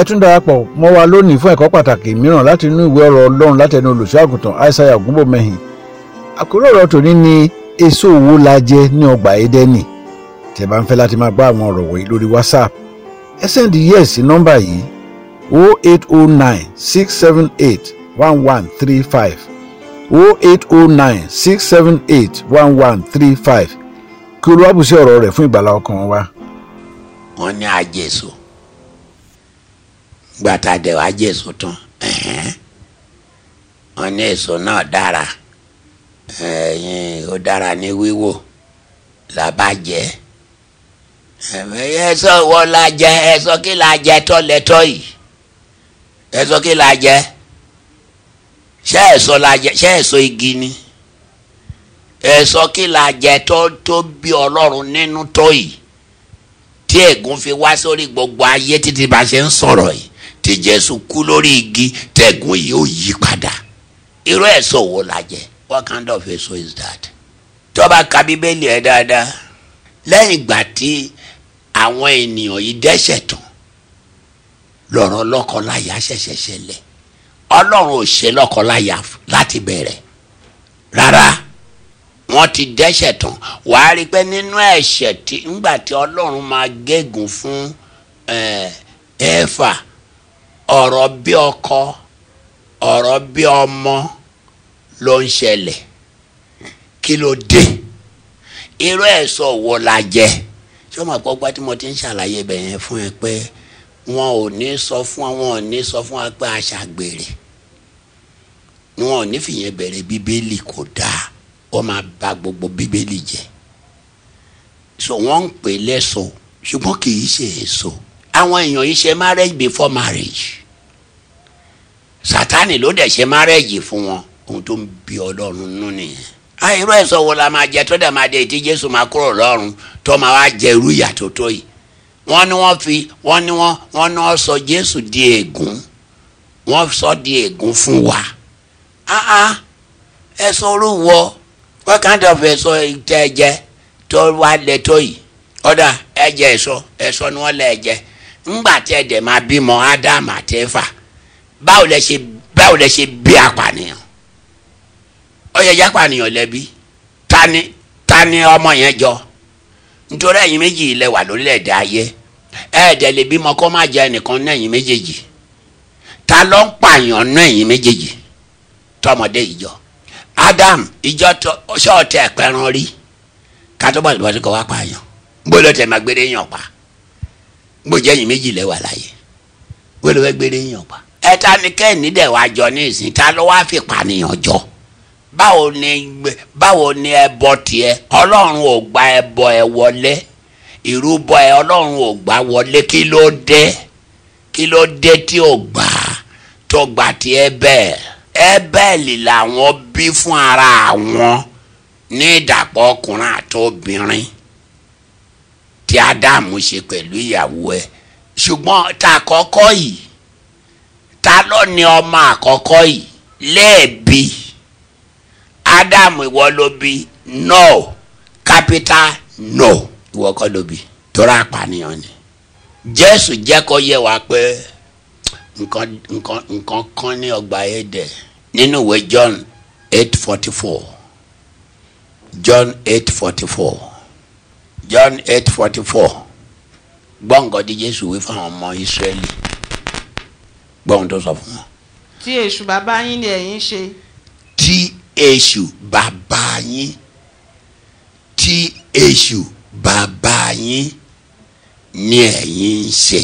ẹ tún darapọ̀ mọ́ wa lónìí fún ẹ̀kọ́ pàtàkì mìíràn láti inú ìwé ọ̀rọ̀ ọlọ́run láti ẹnu olùṣọ́àgùntàn aishaiya ògúnbòmẹ́hìn àkórí ọ̀rọ̀ tòní ni èso wo la jẹ ní ọgbà Édẹ́nì tẹ́ bá ń fẹ́ láti máa gbọ́ àwọn ọ̀rọ̀ wọ̀nyí lórí WhatsApp ẹ sẹ́ndì yes sí nọ́mbà yìí 0809 678 1135 0809 678 1135 kí olúwàbùsí ọ̀rọ̀ rẹ̀ fún ìgbàlá ọkàn wa. wọ́n ní àjẹsùn gbàtà dẹ̀ wá jẹ èso tán wọ́n ní èso náà dára ẹ̀yìn ó dára ní wíwò làbàjẹ́ ẹ̀sọ́ wọ́n la jẹ ẹ̀sọ́ kí la jẹ tọ́lẹ̀tọ́ yìí ẹ̀sọ́ kí la jẹ ṣé ẹ̀sọ́ la jẹ ṣé ẹ̀sọ́ igi ni ẹ̀sọ́ kí la jẹ tó tó bí ọlọ́run nínú tó yìí tí ègún fi wá sórí gbogbo ayé títí bá ṣe ń sọ̀rọ̀ yìí tí jésù kú lórí igi tẹ̀gùn yìí ó yí padà irú èso wo la jẹ what kind of èso is that tó bá ka bíbélì ẹ dáadáa lẹ́yìn ìgbà tí àwọn ènìyàn yìí dẹ́ṣẹ̀ tán lọ́rọ̀ lọ́kọláya ṣẹ̀ṣẹ̀ ṣẹlẹ̀ ọlọ́run ò ṣe lọ́kọláya láti bẹ̀rẹ̀ rárá wọ́n ti dẹ́ṣẹ̀ tán wàá rí pé nínú ẹ̀ṣẹ̀ tí ńgbà tí ọlọ́run máa gégùn fún ẹ̀ẹ́fà. Eh, ọ̀rọ̀ bí ọkọ ọ̀rọ̀ bí ọmọ ló ń ṣẹlẹ̀ kí ló dé irú ẹ̀sọ́ wo la jẹ ṣé o máa gbọ́ gbá tí mo ti ń ṣàlàyé ibẹ̀ yẹn fún ẹ pé wọn ò ní sọ fún wọn ò ní sọ fún wa pé a ṣàgbèrè wọn ò ní fìyẹn bẹ̀rẹ̀ bíbélì kò dáa wọ́n máa bà gbogbo bíbélì jẹ́ so wọ́n ń pè lẹ́sọ̀ ṣùgbọ́n kì í ṣe èso àwọn èèyàn yìí ṣe marriage before marriage satani ló dẹ̀ ṣe márẹ́jì fún wọn ohun tó ń bi ọlọ́run nú nìyẹn. àìrọ ẹ̀sọ́ wo la máa jẹ tó dẹ̀ máa dé tí jésù máa kúrò lọ́run tó máa wá jẹ irú tó fi wọ́n ní wọ́n wọ́n ní wọ́n sọ jésù di ègún wọ́n sọ di ègún fún wa. ẹ̀sọ́ olúwo wọ́n kàn tó fẹ́ sọ ìtẹ́ ẹ̀jẹ̀ tó wá lẹ tó yìí. ọ̀dà ẹ̀jẹ̀ ẹ̀sọ́ ẹ̀sọ́ ni wọ́n lẹ ẹ̀jẹ̀ ńgbà tẹ́ báwo lẹ ṣe báwo lẹ ṣe bí apànìyàn ó yẹ jápànìyàn lẹ́bi tani tani ọmọ yẹn jọ nítorí ẹ̀yin méjì ilẹ̀ wà èdè ayé ẹ̀ẹ́dẹ̀ lè bímọ kó má jẹ ẹnìkan náà ẹ̀yin méjèèjì ta ló ń pààyàn méjèèjì tọmọdé ìjọ Adam ìjọ rí wá pààyàn gbọ́dọ̀ tẹ̀ máa gbére méjì ilẹ̀ wà ẹ ta ni kẹ́hìndé dẹ̀ wá jọ ní ìsìn ta ló wáá fi pànìyàn jọ báwo ni báwo ni ẹbọ tiẹ̀ ọlọ́run ò gba ẹbọ ẹ wọlé ìrúbọ ẹ ọlọ́run ò gbà wọlé kí ló dé kí ló dé tí ò gbà tó gbà tí ẹ bẹ́ẹ̀ ẹ bẹ́ẹ̀ lì làwọn bí fún ara wọn ní ìdàpọ̀ ọkùnrin àti tí ádámù ṣe pẹ̀lú ìyàwó ẹ ṣùgbọ́n tá kọ́kọ́ yìí ta lọ ni ọmọ àkọ́kọ́ yìí lẹ́ẹ̀bi ádámù ìwọ ló no capital no ìwọ kọ́ ló bí torí apànìyàn ni jésù jẹ́ kó yé wa pé nǹkan nǹkan nǹkan kan ní ọgbà ẹ̀dẹ̀ nínú ìwé John eight forty four John eight forty four jésù wí ọmọ Ísírẹ́lì. gbọ́ ohun tó sọ fún wọn. tí èṣù bàbá yín ni ẹ̀yin ṣe. tí èṣù bàbá yín tí èṣù bàbá yín ni ẹ̀yin ń ṣe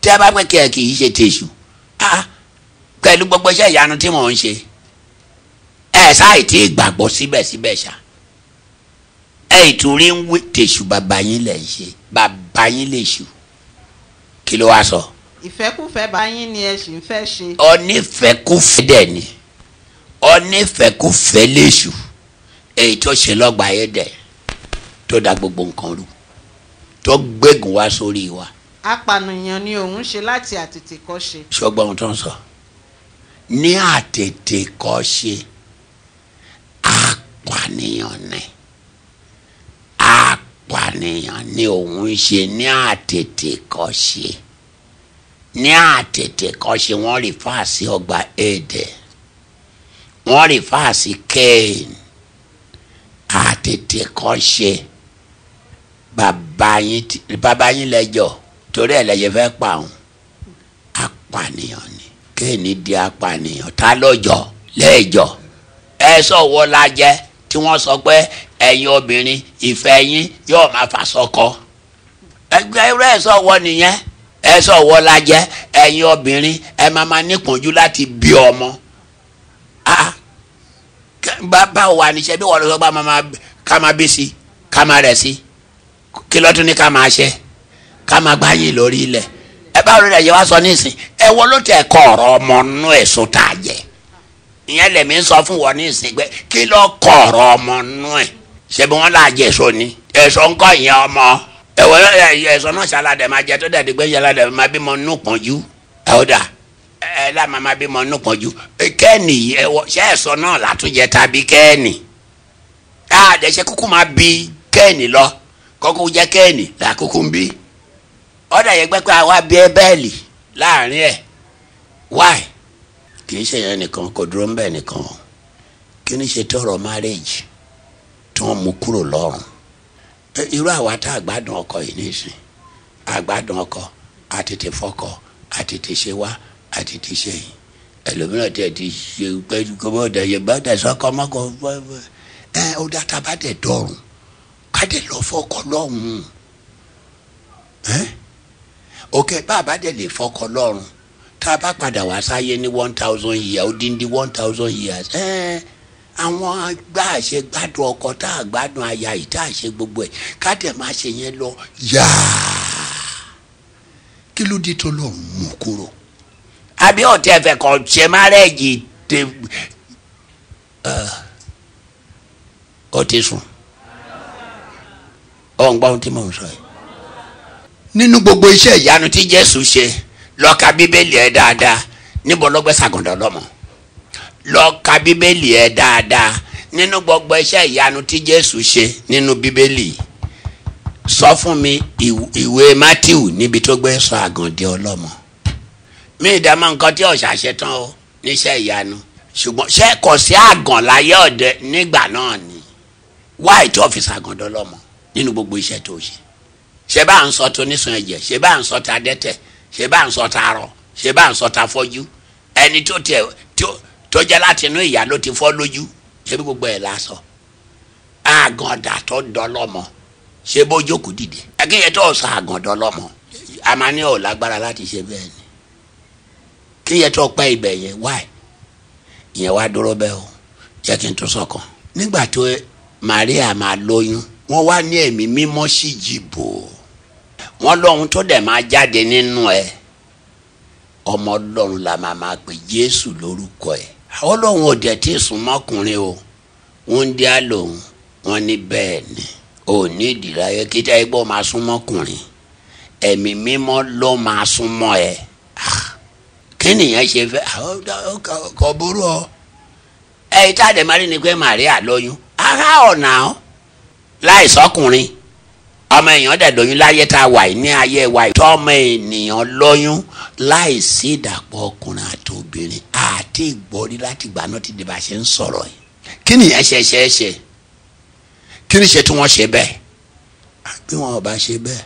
tí a bá pẹ́ kí ẹ kì í ṣe tèṣù a pẹ̀lú gbogbo iṣẹ́ ìyanu tí mò ń ṣe ẹ sáì tí gbàgbọ́ síbẹ̀síbẹ̀ ṣá ẹ ìtúrí ń wí tèṣù bàbá yín lẹ̀ ṣe bàbá yín lè ṣù kí ló wá sọ. So? ìfẹ́kùfẹ́ bá yín ni ẹ sì ń fẹ́ ṣe. ọ̀nífẹ́kùfẹ́ dẹ̀ ni ọ̀nífẹ́kùfẹ́ léṣù èyí tó ṣe lọ́gbà ayé dẹ̀ tó da gbogbo nǹkan rú tó gbégun wá sórí wa. apànìyàn ni òun ṣe láti àtètèkọ́ṣe. ṣọgbọ́n ohun tó ń sọ ní àtètèkọ́ṣe apànìyàn ni apànìyàn ni òun ṣe ní àtètèkọ́ṣe ní àtètè kan ṣe wọ́n rí fáàsì ọgbà èdè wọ́n rí fáàsì kéèn àtètè kan ṣe bàbá yín lẹ́jọ́ torí ẹ̀ lẹ́yẹ fẹ́ pa òun apànìyàn ni kéèn di apànìyàn ta lọ́jọ́ lẹ́jọ́ ẹ sọ̀wọ́ la jẹ́ tí wọ́n sọ pé ẹ̀yin obìnrin ìfẹ́ yín yóò máa fà sọ́kọ ẹgbẹ́ irú ẹ̀ sọ̀wọ́ nìyẹn. ẹ sọ̀wọ́ la jẹ́ ẹ̀yin obìnrin ẹ máa ma nípọ̀njú láti bí ọmọ ah, bá wà níṣẹ́ bí wọ́n lọ sọ pé ká máa bí sí ká máa rẹ̀ sí kí lọ́tún ní ká máa ṣe ká máa gbáyìn lórí ilẹ̀ ẹ bá rẹ̀ yẹ wá sọ nísìn ẹ ló ọmọ nínú ẹ̀sùn tá a jẹ ìyẹn lèmi ń sọ fún wọn nísìn pé kí lọ́ kọ́ ọ̀rọ̀ ọmọ nínú ẹ̀ ṣe bí wọ́n láàjẹ̀ sọ ni ìyẹn ọmọ. ẹ wọ ẹsọ náà ṣàlàdẹ máa jẹ tó dàdí gbé ṣàlàdẹ máa bímọ nù pọnjú ẹ ó dà ẹ lámà máa bímọ nù pọnjú kẹ́ẹ̀nì yìí ẹ wọ ṣẹ́ ẹ̀sọ náà látúnjẹ tàbí kẹ́ẹ̀nì káàdé ṣe kúkú máa bí kẹ́ẹ̀nì lọ kọ́kọ́ jẹ́ kẹ́ẹ̀nì làkúkú ń bí ọ̀dà yẹn gbẹ́ pé àwa bí ẹ bẹ́ẹ̀lì láàrin ẹ̀ wáì kì í ṣe yẹn nìkan kò dúró ń bẹ̀ nìkan kí ni ṣe tọrọ marriage tí wọ́n mú kúrò lọ́rùn irú àwa tá àgbàdùn ọkọ yìí nìsín àgbàdùn ọkọ àtètè fọkọ àtètè ṣe wá àtètè ṣe yìí ẹlòmíràn tẹ ti ṣe pẹ̀lú gbogbo ọdọ yẹn bá tẹ sọkọ mọkọ ẹ ó dáta bá tẹ dọrùn ká lọ fọkọ lọ́rùn ẹ òkè bàbá tẹ lè fọkọ lọ́rùn tá a bá padà wá sáyé ní one thousand years ó dín ní one thousand years ẹ. Eh? àwọn gbá àṣẹ gbádùn ọkọ tá a gbádùn aya yìí tá a ṣe gbogbo ẹ̀ ká tẹ̀ máa ṣe yẹn lọ yáa kí ló dé tó lọ mú kúrò. àbí ọ̀tẹ̀ ẹ̀fẹ̀ kan ṣe márẹ́ẹ̀jì tẹ ọ ti sùn ọ ń gbọ́ tí mò ń sọ yìí. nínú gbogbo iṣẹ́ ìyanu tí Jésù ṣe lọ́ka bíbélì ẹ̀ dáadáa níbo lọ́gbẹ́sàgùndọ̀ lọ́mọ lọ ka bíbélì ẹ dáadáa nínú gbogbo iṣẹ́ ìyanu tí jésù ṣe nínú bíbélì sọ fún mi ìwé matthew níbi tó gbé sọ àgàndé ọlọ́mọ mi ìdá mọ nǹkan tí ọ̀sà ṣe tán o níṣẹ́ ìyanu ṣùgbọ́n ṣé kò sí àgàn láyé ọ̀dẹ nígbà náà ni white office àgàndé ọlọ́mọ nínú gbogbo iṣẹ́ tó ṣe ṣe bá ń sọ tó nísun ẹ̀jẹ̀ ṣe bá ń sọ ta dẹ́tẹ̀ ṣe bá ń sọ ta arọ ṣe bá ń sọ ta fọ́jú ẹni tó tẹ tó tó jẹ́ láti inú ìyá ló ti fọ́ lójú ṣebí gbogbo ẹ̀ la sọ àgàndà tó dọlọ́mọ ṣe bó jókòó dìde akínyẹ tó sọ àgàndà ọlọ́mọ amani ò lágbára láti ṣe bẹ́ẹ̀ ni kínyẹ tó pẹ́ ibẹ̀ yẹn wáì ìyẹn wá dúró bẹ́ẹ̀ o jẹ́ kí n tún sọ̀kan nígbà tó Maria máa lóyún wọ́n wá ní ẹ̀mí mímọ́ sí jìbò wọ́n lọ́hun tó dẹ̀ máa jáde nínú ẹ̀ ọmọ ọlọ́run la máa máa pè Jésù lórúkọ ẹ̀ ọlọ́run ọ̀dẹ̀ tí ìsúnmọ́kùnrin o wọ́n ń díá lòun wọ́n ní bẹ́ẹ̀ ni ò ní ìdìráyẹ kíjà igbó máa súnmọ́kùnrin ẹ̀mí mímọ́ ló máa súnmọ́ ẹ ah, kí nìyẹn ṣe fẹ́ ah, kò burú ọ ẹ̀yìn tá a dẹ̀ máa rí ni pé Màríà lóyún ara ọ̀nà ọ láìsọkùnrin ọmọ èèyàn dẹ̀ lóyún láyé tá a wà ní ayé wa ìtọ́ ọmọ ènìyàn lóyún láì sí ìdàpọ̀ ọkùnrin àti obìnrin àti ìgbọ́rí láti ìgbà náà ti di bá a ṣe ń sọ̀rọ̀ yìí kí ni ẹ ṣe ṣe ṣe kí ni ṣe tí wọ́n ṣe bẹ́ẹ̀ bí wọn ò bá ṣe bẹ́ẹ̀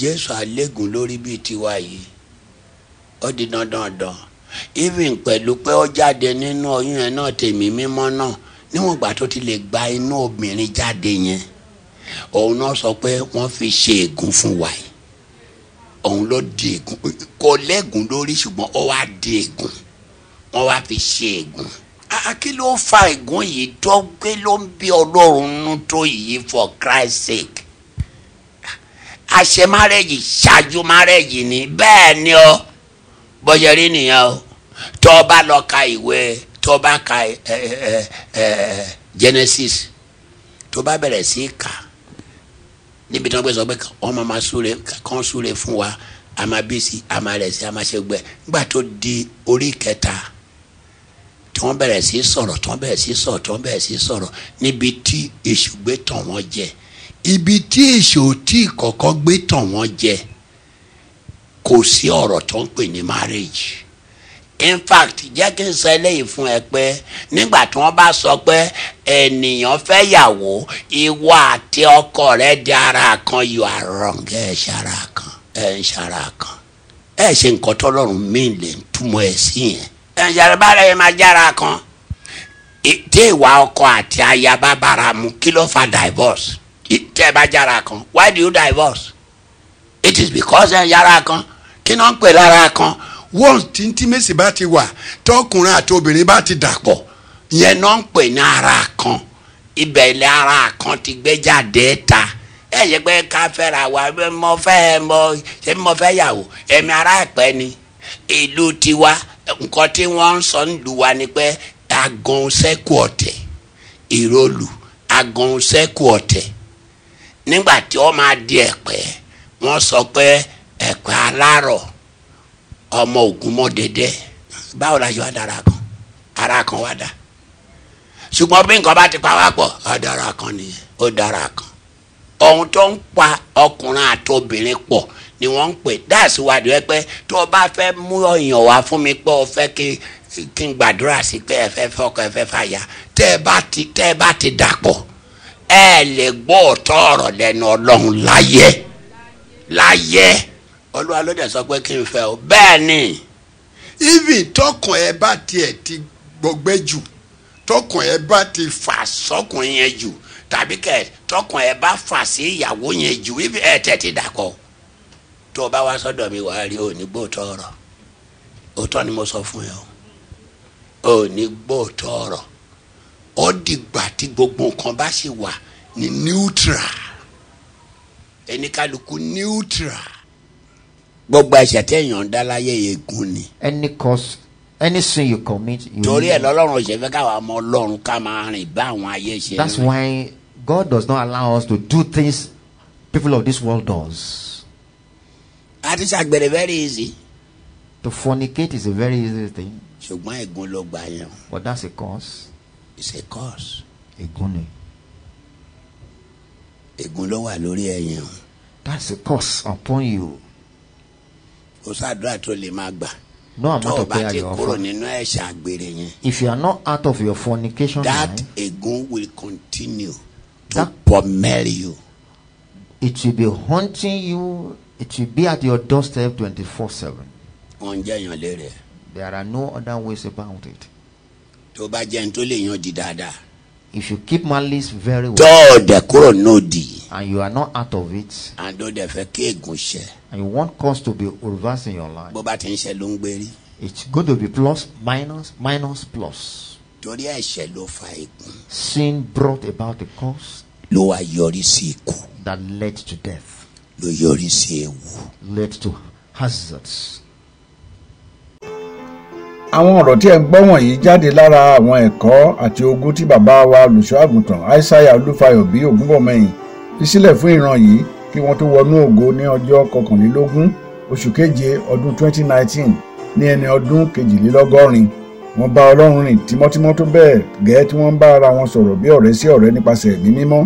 Jésù alégùn lórí bíi tiwa yìí ó di dandandan even pẹ̀lú pé ó jáde nínú oyún yẹn náà tèmi mímọ́ náà níwọ̀n ìgbà tó ti lè gba inú obìnrin jáde yẹn òun náà sọ pé wọ́n fi ṣe ègún fún wa yìí òun ló di ègún kò lẹ́gùn lórí ṣùgbọ́n ó wá di ègún wọ́n wá fi ṣe ègún ah, kí ló fa ègún yìí dọ́gbé ló ń bí ọlọ́run nú tó yìí for Christ sake àṣẹ márẹ́jì ṣáájú márẹ́jì ni bẹ́ẹ̀ ni ọ bọ́jẹ̀ rí nìyẹn o tó o bá lọ ka ìwé tó o bá ka eh, eh, eh, Genesis tó o bá bẹ̀rẹ̀ sí kà níbi tí wọ́n gbé sọ pé wọ́n máa máa súre kán súre fún wa a máa bí sí a máa rẹ̀ sí a máa ṣe gbẹ nígbà tó di orí kẹta tí wọ́n bẹ̀rẹ̀ sí sọ̀rọ̀ tí wọ́n bẹ̀rẹ̀ sí sọ̀rọ̀ tí wọ́n bẹ̀rẹ̀ sí sọ̀rọ̀ níbi tí èṣù gbé tàn wọ́n jẹ ibi tí èṣù tí kọ̀kọ́ gbé tàn wọ́n jẹ kò sí ọ̀rọ̀ tó ń pè ní marriage in fact jẹ́ kí n sọ eléyìí fún ẹ pé nígbà tí wọ́n bá sọ pé ènìyàn fẹ́ yàwó ìwọ àti ọkọ rẹ di ara kan you are wrong ẹ ń ṣara kan ẹ ń ṣara kan ẹ ṣe nǹkan tọ́lọ́run mí lè túmọ̀ ẹ sí yẹn ẹ ń ṣara bára yẹn máa jára kan tí ìwà ọkọ àti aya bá bára mu kí ló fa divorce tẹ́ ẹ bá jára kan why do you divorce it is because ẹ ń yára kan kí náà ń pè lára kan wọ́n tí intimacy bá ti wà tọkùnrin àti obìnrin bá ti dàpọ̀ yẹn náà ń pè ní ara kan ibẹ̀ ilẹ̀ ara kan ti gbé jáde ta ẹ yẹ pé ká fẹ́ra wa mo fẹ́ mo ṣe mo fẹ́ yàwó ẹ̀mí ara ẹ̀pẹ́ ni ìlú tiwa nǹkan tí wọ́n ń sọ nílùú wa ni pé agan sẹ́kù ọ̀tẹ̀ ìrólù agan sẹ́kù ọ̀tẹ̀ nígbà tí wọ́n máa di ẹ̀pẹ́ wọ́n sọ pé ẹ̀pẹ́ alárọ̀ ọmọ ogun mọ dédé báwo la yọ adara kan ara kan wá dà ṣùgbọ́n bí nǹkan bá ti pa wá pọ̀ adara kan nìyẹn ó dára kan ohun tó ń pa ọkùnrin àti pọ̀ ni wọ́n ń pè dáàsì wa dìé pé tó o bá fẹ́ mú ọyàn wá fún mi pé o fẹ́ kí kí n gbàdúrà sí pé ẹ fẹ́ fọkọ ẹ fẹ́ fàyà tẹ́ ẹ bá ti tẹ́ ẹ bá ti dàpọ̀ ẹ lè gbọ́ ọ̀tọ̀ ọ̀rọ̀ lẹ́nu ọlọ́run láyé láyé olúwa ló dẹ̀ sọ pé kí n fẹ́ o bẹ́ẹ̀ ni ibi tọkàn ẹ bá tiẹ̀ ti gbọgbẹ́ jù tọkàn ẹ bá ti fà sọ́kàn yẹn jù tàbí kẹ tọkàn ẹ bá fà sí ìyàwó yẹn jù ibi ẹ tẹ̀ ti dàkọ tó o bá wá sọ́dọ̀ mi wàá rí òní gbóòtọ́ ọ̀rọ̀ òótọ́ ni mo sọ fún yẹn o òní gbóòtọ́ ọ̀rọ̀ ó dìgbà tí gbogbo nǹkan bá ṣì wà ní neutral ẹnikálukú neutral. gbogbo ẹ̀ṣẹ̀ téèyàn ń dá láyé ègún ni. any cause any sin you commit. You torí ẹ lọ́lọ́run ṣe fẹ́ káwa mọ ọlọ́run ká máa rìn bá àwọn ayé ṣe. that's why God does not allow us to do things people of this world does. a ti ṣàgbèrè very easy. to fornicate is a very easy thing. ṣùgbọ́n ègún ló gbà yẹn. but that's a cause. it's a cause. ègún ni. ègún ló wà lórí ẹ̀yìn. that's a cause upon you kò tó lè máa gbà. No amount of prayer you offer. If you are not out of your fornication that line, egun will continue to pommel you. It will be haunting you. It will be at your doorstep 24 7. There are no other ways about it. tó bá jẹ́ ní tó lè yan dáadáa if you keep my list very well. and you are not out of it. and you want cause to be reversed in your life. it's going to be plus sin brought about a cause. that led to death. led to hazards. àwọn ọ̀rọ̀ tí ẹ̀ ń gbọ́ wọ̀nyí jáde lára àwọn ẹ̀kọ́ àti ogún tí bàbá wa olùṣọ́ àgùntàn aishaiya olúfayọ bí ògúnbọ̀mọyìn fi sílẹ̀ fún ìran yìí kí wọ́n tó wọnú ògo ní ọjọ́ kọkànlélógún oṣù keje ọdún 2019 ní ẹni ọdún kejìlélọ́gọ́rin wọ́n bá ọlọ́run rìn tímọ́tímọ́ tó bẹ́ẹ̀ gẹ́ tí wọ́n bá ara wọn sọ̀rọ̀ bí ọ̀rẹ́ sí ọ̀rẹ́ nípasẹ̀ ẹ̀mí mímọ́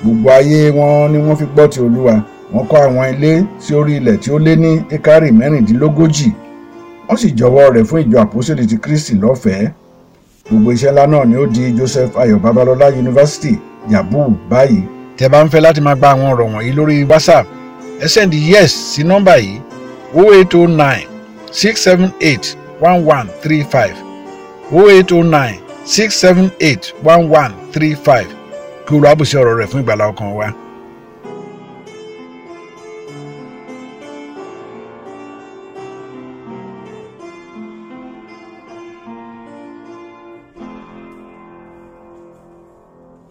gbogbo ayé wọn ni wọ́n fi gbọ́ ti olúwa wọ́n kọ́ àwọn ilé sí orí ilẹ̀ tí ó lé ní ekari mẹ́rìndínlógójì wọ́n sì jọwọ́ rẹ̀ fún ìjọ àpòsílẹ̀ ti Kristi lọ́fẹ̀ẹ́ gbogbo iṣẹ́ ńlá náà ni ó di Joseph Ayọ̀ Babalọ́lá University Yabu báyìí. tẹ́ bá ń fẹ́ láti máa gba àwọn ọ̀rọ̀ wọ̀nyí lórí WhatsApp ẹ sẹ́ndì yes sí nọ́mbà yìí 0809 678 1135 0809 678 1135 kí Olúwa bùsí ọ̀rọ̀ rẹ̀ fún ìgbàlá ọkàn wa.